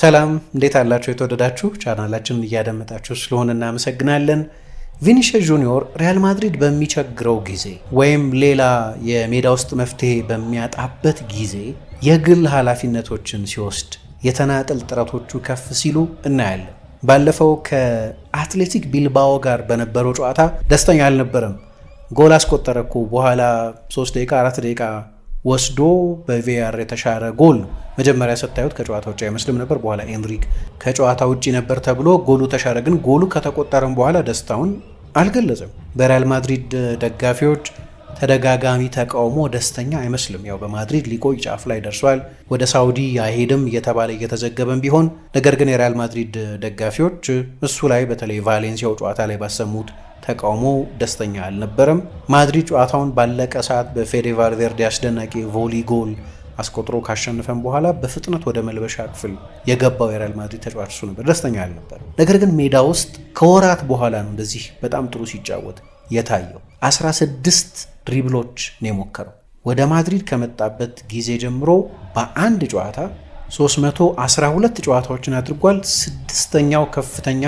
ሰላም እንዴት አላችሁ? የተወደዳችሁ ቻናላችንን እያደመጣችሁ ስለሆነ እናመሰግናለን። ቪኒሽስ ጁኒዮር ሪያል ማድሪድ በሚቸግረው ጊዜ ወይም ሌላ የሜዳ ውስጥ መፍትሄ በሚያጣበት ጊዜ የግል ኃላፊነቶችን ሲወስድ የተናጠል ጥረቶቹ ከፍ ሲሉ እናያለን። ባለፈው ከአትሌቲክ ቢልባኦ ጋር በነበረው ጨዋታ ደስተኛ አልነበረም። ጎል አስቆጠረ እኮ በኋላ 3 ደቂቃ 4 ደቂቃ ወስዶ በቪያር የተሻረ ጎል ነው። መጀመሪያ ስታዩት ከጨዋታ ውጭ አይመስልም ነበር። በኋላ ኤንሪክ ከጨዋታ ውጭ ነበር ተብሎ ጎሉ ተሻረ። ግን ጎሉ ከተቆጠረም በኋላ ደስታውን አልገለጸም። በሪያል ማድሪድ ደጋፊዎች ተደጋጋሚ ተቃውሞ ደስተኛ አይመስልም። ያው በማድሪድ ሊቆይ ጫፍ ላይ ደርሷል፣ ወደ ሳውዲ አይሄድም እየተባለ እየተዘገበም ቢሆን ነገር ግን የሪያል ማድሪድ ደጋፊዎች እሱ ላይ በተለይ ቫሌንሲያው ጨዋታ ላይ ባሰሙት ተቃውሞ ደስተኛ አልነበረም። ማድሪድ ጨዋታውን ባለቀ ሰዓት በፌዴ ቫልቬርዴ አስደናቂ ቮሊ ጎል አስቆጥሮ ካሸነፈን በኋላ በፍጥነት ወደ መልበሻ ክፍል የገባው የሪያል ማድሪድ ተጫዋች እሱ ነበር። ደስተኛ አልነበረም። ነገር ግን ሜዳ ውስጥ ከወራት በኋላ ነው እንደዚህ በጣም ጥሩ ሲጫወት የታየው። 16 ድሪብሎች ነው የሞከረው። ወደ ማድሪድ ከመጣበት ጊዜ ጀምሮ በአንድ ጨዋታ 312 ጨዋታዎችን አድርጓል። ስድስተኛው ከፍተኛ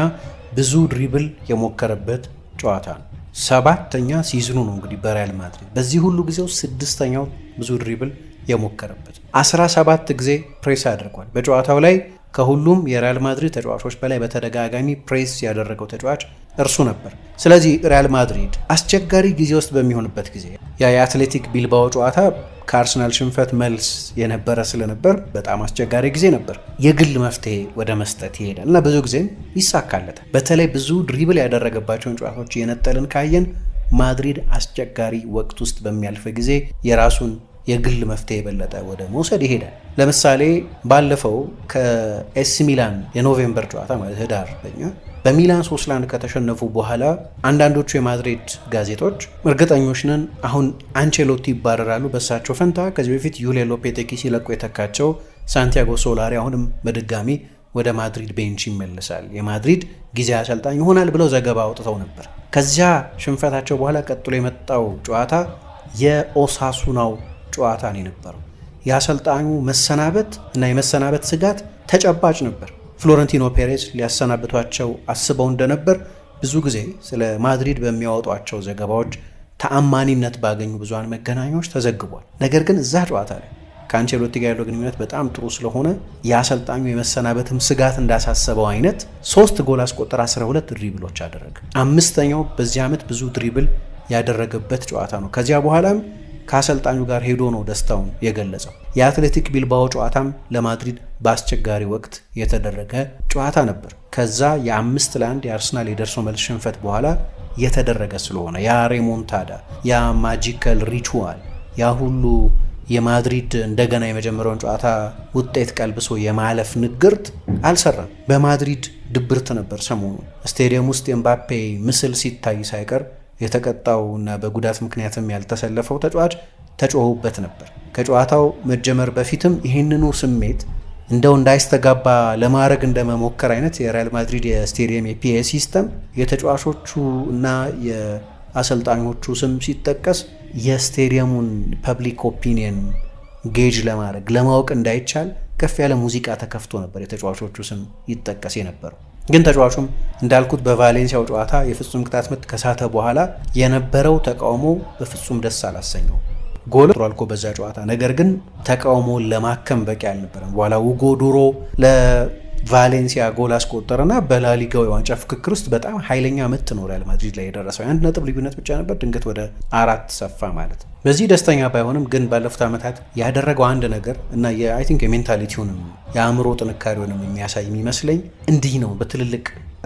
ብዙ ድሪብል የሞከረበት ጨዋታ ነው። ሰባተኛ ሲዝኑ ነው እንግዲህ በሪያል ማድሪድ በዚህ ሁሉ ጊዜው ስድስተኛው ብዙ ድሪብል የሞከረበት 17 ጊዜ ፕሬስ አድርጓል። በጨዋታው ላይ ከሁሉም የሪያል ማድሪድ ተጫዋቾች በላይ በተደጋጋሚ ፕሬስ ያደረገው ተጫዋች እርሱ ነበር። ስለዚህ ሪያል ማድሪድ አስቸጋሪ ጊዜ ውስጥ በሚሆንበት ጊዜ ያ የአትሌቲክ ቢልባኦ ጨዋታ ከአርሰናል ሽንፈት መልስ የነበረ ስለነበር በጣም አስቸጋሪ ጊዜ ነበር። የግል መፍትሄ ወደ መስጠት ይሄዳል እና ብዙ ጊዜም ይሳካለታል። በተለይ ብዙ ድሪብል ያደረገባቸውን ጨዋታዎች የነጠልን ካየን ማድሪድ አስቸጋሪ ወቅት ውስጥ በሚያልፍ ጊዜ የራሱን የግል መፍትሄ የበለጠ ወደ መውሰድ ይሄዳል። ለምሳሌ ባለፈው ከኤሲ ሚላን የኖቬምበር ጨዋታ ማለት ህዳር በኛ በሚላን ሶስት ለአንድ ከተሸነፉ በኋላ አንዳንዶቹ የማድሪድ ጋዜጦች እርግጠኞች ነን አሁን አንቼሎቲ ይባረራሉ፣ በሳቸው ፈንታ ከዚህ በፊት ዩሌ ሎፔቴኪ ሲለቁ የተካቸው ሳንቲያጎ ሶላሪ አሁንም በድጋሚ ወደ ማድሪድ ቤንች ይመልሳል፣ የማድሪድ ጊዜ አሰልጣኝ ይሆናል ብለው ዘገባ አውጥተው ነበር። ከዚያ ሽንፈታቸው በኋላ ቀጥሎ የመጣው ጨዋታ የኦሳሱናው ጨዋታ ነው የነበረው። የአሰልጣኙ መሰናበት እና የመሰናበት ስጋት ተጨባጭ ነበር። ፍሎረንቲኖ ፔሬዝ ሊያሰናብቷቸው አስበው እንደነበር ብዙ ጊዜ ስለ ማድሪድ በሚያወጧቸው ዘገባዎች ተአማኒነት ባገኙ ብዙሃን መገናኛዎች ተዘግቧል። ነገር ግን እዛ ጨዋታ ላይ ከአንቸሎቲ ጋር ያለው ግንኙነት በጣም ጥሩ ስለሆነ የአሰልጣኙ የመሰናበትም ስጋት እንዳሳሰበው አይነት ሶስት ጎል አስቆጠር 12 ድሪብሎች አደረገ። አምስተኛው በዚህ ዓመት ብዙ ድሪብል ያደረገበት ጨዋታ ነው። ከዚያ በኋላም ከአሰልጣኙ ጋር ሄዶ ነው ደስታውን የገለጸው። የአትሌቲክ ቢልባኦ ጨዋታም ለማድሪድ በአስቸጋሪ ወቅት የተደረገ ጨዋታ ነበር። ከዛ የአምስት ለአንድ የአርሰናል የደርሶ መልስ ሽንፈት በኋላ የተደረገ ስለሆነ ያ ሬሞንታዳ፣ ያ ማጂካል ሪቹዋል፣ ያ ሁሉ የማድሪድ እንደገና የመጀመሪያውን ጨዋታ ውጤት ቀልብሶ የማለፍ ንግርት አልሰራም። በማድሪድ ድብርት ነበር ሰሞኑ። ስቴዲየም ውስጥ የምባፔ ምስል ሲታይ ሳይቀር የተቀጣው እና በጉዳት ምክንያትም ያልተሰለፈው ተጫዋች ተጮሁበት ነበር። ከጨዋታው መጀመር በፊትም ይህንኑ ስሜት እንደው እንዳይስተጋባ ለማድረግ እንደመሞከር አይነት የሪያል ማድሪድ የስቴዲየም የፒኤ ሲስተም የተጫዋቾቹ እና የአሰልጣኞቹ ስም ሲጠቀስ የስቴዲየሙን ፐብሊክ ኦፒኒየን ጌጅ ለማድረግ ለማወቅ እንዳይቻል ከፍ ያለ ሙዚቃ ተከፍቶ ነበር የተጫዋቾቹ ስም ይጠቀስ የነበረው። ግን ተጫዋቹም እንዳልኩት በቫሌንሲያው ጨዋታ የፍጹም ቅጣት ምት ከሳተ በኋላ የነበረው ተቃውሞ በፍጹም ደስ አላሰኘው። ጎል አልኮ በዛ ጨዋታ ነገር ግን ተቃውሞውን ለማከም በቂ አልነበረም። በኋላ ውጎ ዱሮ ለቫሌንሲያ ጎል አስቆጠረና በላሊጋው የዋንጫ ፍክክር ውስጥ በጣም ኃይለኛ ምት ኖሪያል ማድሪድ ላይ የደረሰው። የአንድ ነጥብ ልዩነት ብቻ ነበር፣ ድንገት ወደ አራት ሰፋ ማለት ነው። በዚህ ደስተኛ ባይሆንም ግን ባለፉት ዓመታት ያደረገው አንድ ነገር እና አይ ቲንክ የሜንታሊቲውንም የአእምሮ ጥንካሬውንም የሚያሳይ የሚመስለኝ እንዲህ ነው። በትልልቅ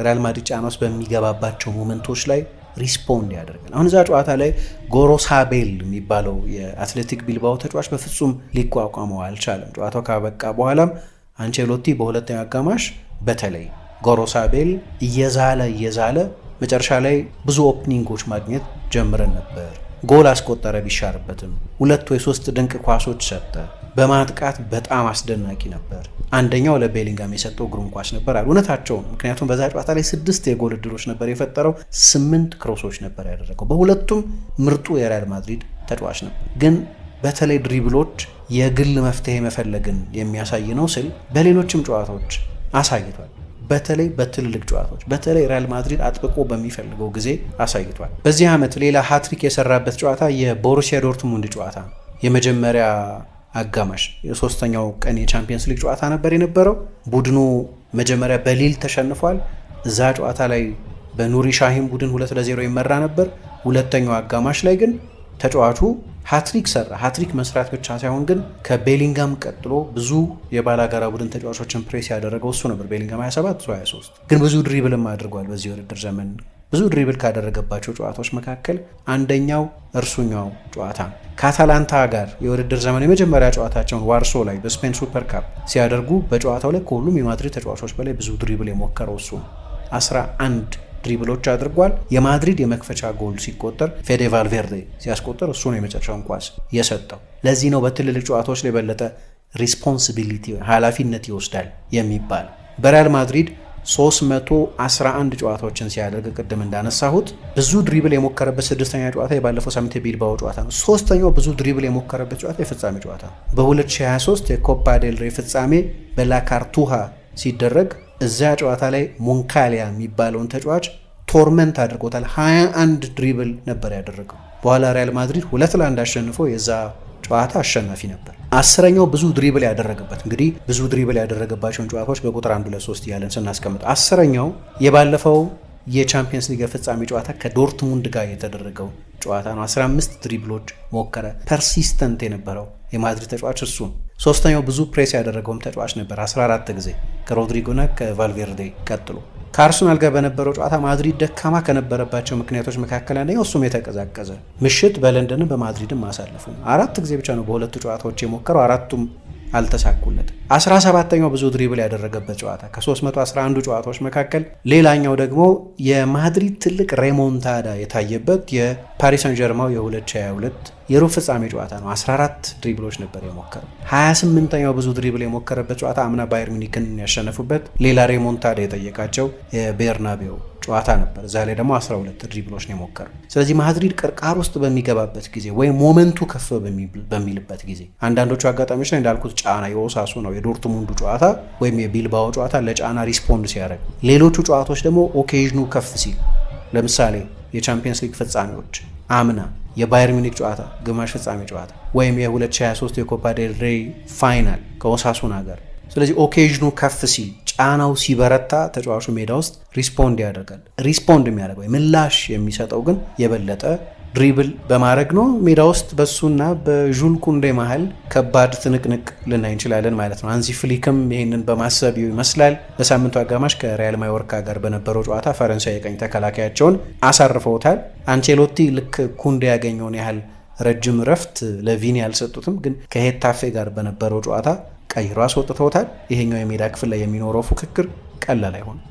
ሪያል ማድሪድ ጫና ውስጥ በሚገባባቸው ሞመንቶች ላይ ሪስፖንድ ያደርጋል። አሁን እዛ ጨዋታ ላይ ጎሮሳቤል የሚባለው የአትሌቲክ ቢልባው ተጫዋች በፍጹም ሊቋቋመው አልቻለም። ጨዋታው ካበቃ በኋላም አንቼሎቲ በሁለተኛው አጋማሽ በተለይ ጎሮሳቤል እየዛለ እየዛለ መጨረሻ ላይ ብዙ ኦፕኒንጎች ማግኘት ጀምረን ነበር። ጎል አስቆጠረ ቢሻርበትም፣ ሁለት ወይ ሶስት ድንቅ ኳሶች ሰጠ። በማጥቃት በጣም አስደናቂ ነበር። አንደኛው ለቤሊንጋም የሰጠው ግሩም ኳስ ነበር አሉ። እውነታቸው ነው። ምክንያቱም በዛ ጨዋታ ላይ ስድስት የጎል እድሎች ነበር የፈጠረው፣ ስምንት ክሮሶች ነበር ያደረገው። በሁለቱም ምርጡ የሪያል ማድሪድ ተጫዋች ነበር። ግን በተለይ ድሪብሎች የግል መፍትሄ መፈለግን የሚያሳይ ነው ስል በሌሎችም ጨዋታዎች አሳይቷል። በተለይ በትልልቅ ጨዋታዎች በተለይ ሪያል ማድሪድ አጥብቆ በሚፈልገው ጊዜ አሳይቷል። በዚህ ዓመት ሌላ ሃትሪክ የሰራበት ጨዋታ የቦሩሲያ ዶርትሙንድ ጨዋታ ነው። የመጀመሪያ አጋማሽ የሶስተኛው ቀን የቻምፒየንስ ሊግ ጨዋታ ነበር የነበረው። ቡድኑ መጀመሪያ በሊል ተሸንፏል። እዛ ጨዋታ ላይ በኑሪ ሻሂን ቡድን ሁለት ለዜሮ ይመራ ነበር። ሁለተኛው አጋማሽ ላይ ግን ተጫዋቹ ሀትሪክ ሰራ። ሀትሪክ መስራት ብቻ ሳይሆን ግን ከቤሊንጋም ቀጥሎ ብዙ የባላጋራ ቡድን ተጫዋቾችን ፕሬስ ያደረገው እሱ ነበር። ቤሊንጋም 27 23 ግን ብዙ ድሪብልም አድርጓል። በዚህ ውድድር ዘመን ብዙ ድሪብል ካደረገባቸው ጨዋታዎች መካከል አንደኛው እርሱኛው ጨዋታ ከአታላንታ ጋር የውድድር ዘመን የመጀመሪያ ጨዋታቸውን ዋርሶ ላይ በስፔን ሱፐር ካፕ ሲያደርጉ በጨዋታው ላይ ከሁሉም የማድሪድ ተጫዋቾች በላይ ብዙ ድሪብል የሞከረው እሱ ነው 11 ድሪብሎች አድርጓል። የማድሪድ የመክፈቻ ጎል ሲቆጠር ፌዴ ቫልቬርዴ ሲያስቆጠር እሱ ነው የመጨረሻውን ኳስ የሰጠው። ለዚህ ነው በትልልቅ ጨዋታዎች ላይ የበለጠ ሪስፖንሲቢሊቲ ኃላፊነት ይወስዳል የሚባል። በሪያል ማድሪድ 311 ጨዋታዎችን ሲያደርግ ቅድም እንዳነሳሁት ብዙ ድሪብል የሞከረበት ስድስተኛ ጨዋታ የባለፈው ሳምንት የቢልባኦ ጨዋታ ነው። ሶስተኛው ብዙ ድሪብል የሞከረበት ጨዋታ የፍጻሜ ጨዋታ ነው። በ2023 የኮፓ ዴልሬ ፍጻሜ በላካርቱሃ ሲደረግ እዚያ ጨዋታ ላይ ሞንካሊያ የሚባለውን ተጫዋች ቶርመንት አድርጎታል። 21 ድሪብል ነበር ያደረገው። በኋላ ሪያል ማድሪድ ሁለት ለአንድ አሸንፎ የዛ ጨዋታ አሸናፊ ነበር። አስረኛው ብዙ ድሪብል ያደረገበት እንግዲህ ብዙ ድሪብል ያደረገባቸውን ጨዋታዎች በቁጥር አንዱ ለሶስት ሶስት እያለን ስናስቀምጥ አስረኛው የባለፈው የቻምፒየንስ ሊግ ፍጻሜ ጨዋታ ከዶርትሙንድ ጋር የተደረገው ጨዋታ ነው። 15 ድሪብሎች ሞከረ። ፐርሲስተንት የነበረው የማድሪድ ተጫዋች እሱ ነው። ሶስተኛው ብዙ ፕሬስ ያደረገውም ተጫዋች ነበር 14 ጊዜ ከሮድሪጎና ከቫልቬርዴ ቀጥሎ። ከአርሰናል ጋር በነበረው ጨዋታ ማድሪድ ደካማ ከነበረባቸው ምክንያቶች መካከል አንደኛው እሱም የተቀዛቀዘ ምሽት በለንደንም በማድሪድም ማሳለፉ አራት ጊዜ ብቻ ነው በሁለቱ ጨዋታዎች የሞከረው፣ አራቱም አልተሳኩለት። 17ኛው ብዙ ድሪብል ያደረገበት ጨዋታ ከ311 ጨዋታዎች መካከል ሌላኛው ደግሞ የማድሪድ ትልቅ ሬሞንታዳ የታየበት የፓሪሰን ጀርማው የ2022 የሩብ ፍጻሜ ጨዋታ ነው። 14 ድሪብሎች ነበር የሞከረው። 28ኛው ብዙ ድሪብል የሞከረበት ጨዋታ አምና ባየር ሚኒክን ያሸነፉበት ሌላ ሬሞንታዳ የጠየቃቸው የቤርናቤው ጨዋታ ነበር። እዛ ላይ ደግሞ 12 ድሪብሎች ነው የሞከሩ። ስለዚህ ማድሪድ ቅርቃር ውስጥ በሚገባበት ጊዜ ወይም ሞመንቱ ከፍ በሚልበት ጊዜ አንዳንዶቹ አጋጣሚዎች ላይ እንዳልኩት ጫና የኦሳሱ ነው የዶርትሙንዱ ጨዋታ ወይም የቢልባኦ ጨዋታ ለጫና ሪስፖንድ ሲያደርግ፣ ሌሎቹ ጨዋታዎች ደግሞ ኦኬዥኑ ከፍ ሲል ለምሳሌ የቻምፒየንስ ሊግ ፍጻሜዎች አምና የባየር ሚኒክ ጨዋታ ግማሽ ፍጻሜ ጨዋታ ወይም የ2023 የኮፓ ዴል ሬይ ፋይናል ከኦሳሱና ጋር ስለዚህ ኦኬዥኑ ከፍ ሲል ጫናው ሲበረታ ተጫዋቹ ሜዳ ውስጥ ሪስፖንድ ያደርጋል። ሪስፖንድ የሚያደርገው ምላሽ የሚሰጠው ግን የበለጠ ድሪብል በማድረግ ነው። ሜዳ ውስጥ በሱና በዡል ኩንዴ መሀል ከባድ ትንቅንቅ ልናይ እንችላለን ማለት ነው። አንዚ ፍሊክም ይህንን በማሰብ ይመስላል በሳምንቱ አጋማሽ ከሪያል ማዮርካ ጋር በነበረው ጨዋታ ፈረንሳይ የቀኝ ተከላካያቸውን አሳርፈውታል። አንቼሎቲ ልክ ኩንዴ ያገኘውን ያህል ረጅም እረፍት ለቪኒ አልሰጡትም፣ ግን ከሄታፌ ጋር በነበረው ጨዋታ ቀይሮ አስወጥተውታል። ይሄኛው የሜዳ ክፍል ላይ የሚኖረው ፉክክር ቀላል አይሆንም።